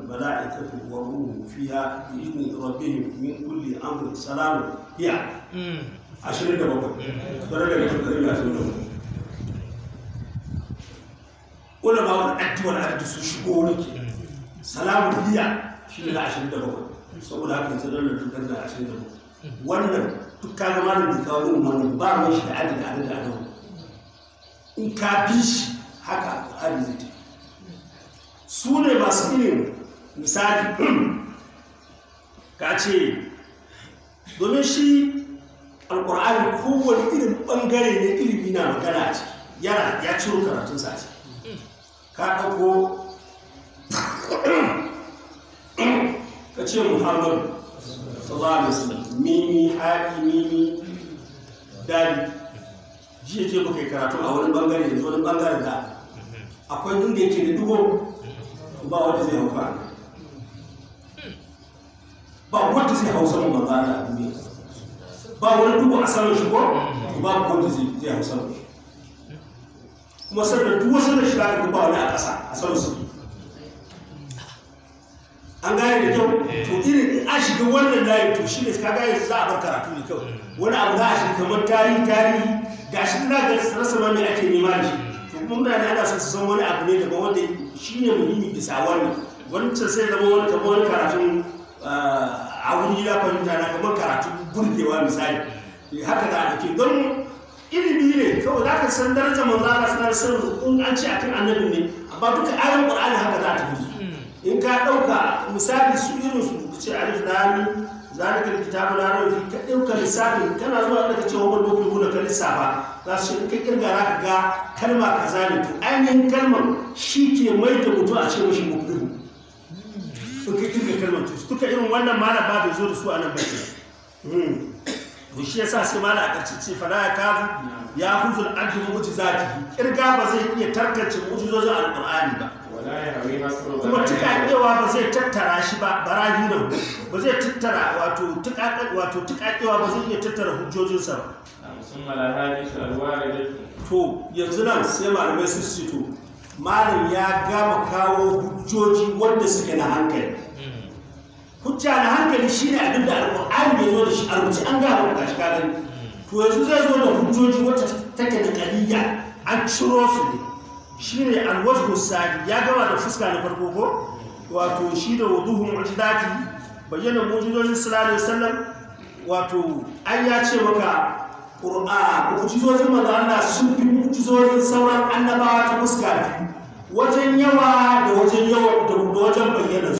الملائكة والروح فيها بإذن ربهم من كل أمر سلام هي عشرين دقيقة درجة درجة ما علماء العد والعقد سشكورك سلام هي شنو العشرين دقيقة سأقول لك أنت دولة تكلم عشرين دقيقة wannan duk ka zama da kawo mana عدد عدد عدد da adadi adadi a nan in ka misali hmm, ka ce domin shi alkur'ani kowane irin bangare ne ilimi na magana a yana ya ci karatunsa a ciki ka ɗauko ka ce muhammadu salamis mimi haɗi mimi dadi jiya je baka kai karatu a wani bangare da wani bangare da akwai inda yake da dugo ba wanda zai hau ba wanda zai hau saman manzo a duniya ba wani dubu a saman shi ko ba wanda zai zai hau saman shi kuma sannan duk wasu da shi da ba wani a ƙasa a saman su an gane da kyau to irin a shiga wannan layi to shi ne ka gane za a bar karatu ne kyau wani abu za a shiga kamar tarihi tarihi ga shi na ga rasa ma ake nema da shi to kuma mutane ana son su san wani abu ne daban wanda shi ne muhimmin bisa wannan wancan sai zama wani kamar wani karatun Ah, a wuri gida fahimta na kamar karatu burgewa misali haka za a don ilimi ne kawai za ka san daraja manzo ka sanar sun rukun an ce akan annabi ne amma duka ayoyin Qur'ani haka za ta tafi hmm. in ka ɗauka misali su irin su ce alif lam ka alkitabu kitabu na fi ka ɗauka lissafi kana zuwa da ce wa wanda kuma ka lissafa za su in ka kirga za ka ga kalma kaza ne to ainihin kalmar shi ke mai da mutu a ce mishi duka irin wannan malam ba bai zo da su a nan ba ke hmm. to shi yasa sai mala a ƙarshe ce fara ya kafu ya huzul adhu mu'jizati kirga ba zai iya tarkace mu'jizozin alqur'ani ba kuma tukaƙewa ba zai tattara shi ba ku ba zai tattara wato tukaƙewa ba zai iya tattara hujjojinsa ba to yanzu nan sai malamai su sito malam ya gama kawo hujjoji wanda suke na hankali hmm. hujja na hankali shine abin da alƙur'ani ya zo da shi a rubuce an gaba da shi ka to yanzu zai zo da hujjoji wata take da kaliya an ciro su ne shine alwajhu Sadi ya gama da fuska na farko ko wato shi da wuduhu mu'jizati bayyana mu'jizojin sallallahu alaihi wasallam wato an ya ce maka ƙur'a mu'jizojin manzo Allah sun fi mu'jizojin sauran annabawa ta fuska wajen yawa da wajen yawa da wajen bayyana